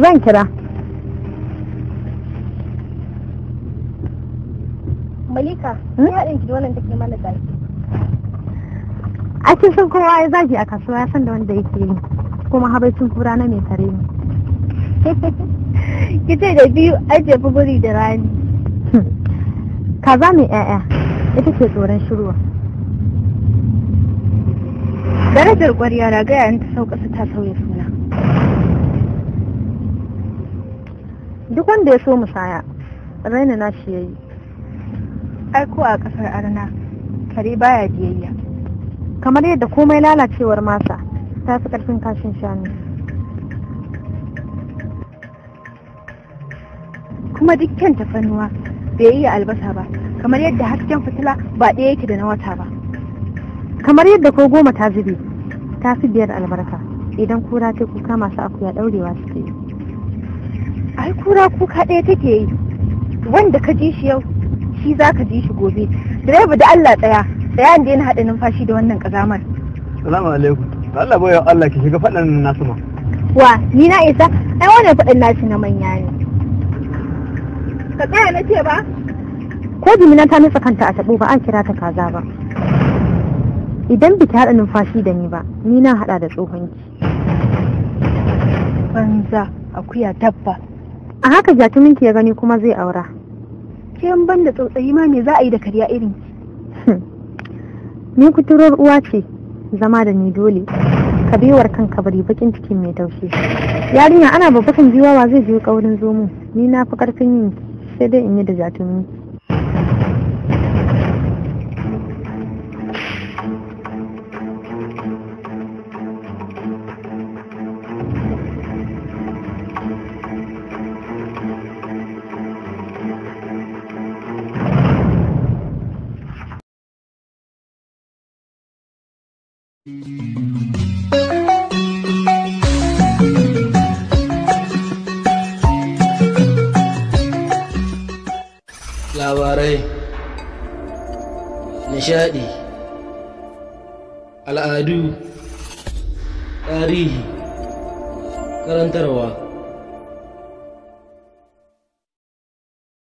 zan kira malika ni hmm? haɗin ki da wannan take mana zaki a cikin kowa ya zagi a kasuwa ya san da wanda yake yi kuma habaicin kura na mai tare ne ki ce da biyu ajiye guri da rani kaza mai 'ya'ya ita ce tsoron shirwa darajar gwarya na gaya ta sauka su ta sauya su duk wanda ya so musaya raina na shi yayi ai ko a kasar arna kare baya biyayya kamar yadda komai lalacewar masa ta fi karfin kashin shanu kuma dukkan tafannuwa bai yi albasa ba kamar yadda hasken fitila ba ɗaya yake da na wata ba kamar yadda ko goma ta zube ta fi biyar albarka idan kura ta kuka masu akuya ɗaurewa suke yi ai kura kuka ɗaya take yi wanda ka ji shi yau shi za ka ji shi gobe direba da Allah ɗaya, ɗaya da yana haɗa numfashi da wannan ƙazamar salamu alaikum Allah bai Allah ki shiga faɗan nasu ma wa ni na isa ai wannan faɗan nasu na manya ne ka tsaya na ce ba ko jimina ta nutsa kanta a taɓo ba an kira ta kaza ba idan biki haɗa numfashi da ni ba ni na haɗa da tsohonki banza akuya dabba a haka jatuminki ya gani kuma zai aura ke ban da tsautsayi ma me za a yi da karya irin hmm. ni kuturar uwa ce zama da ni dole ka bewar kanka kabari bakin cikin mai taushe yarinya ana babbakan jiwawa zai je kaurin zomo ni na fi karfin yin sai dai in yi da jatumi Labarai, nishadi, al'adu, tarihi, karantarwa.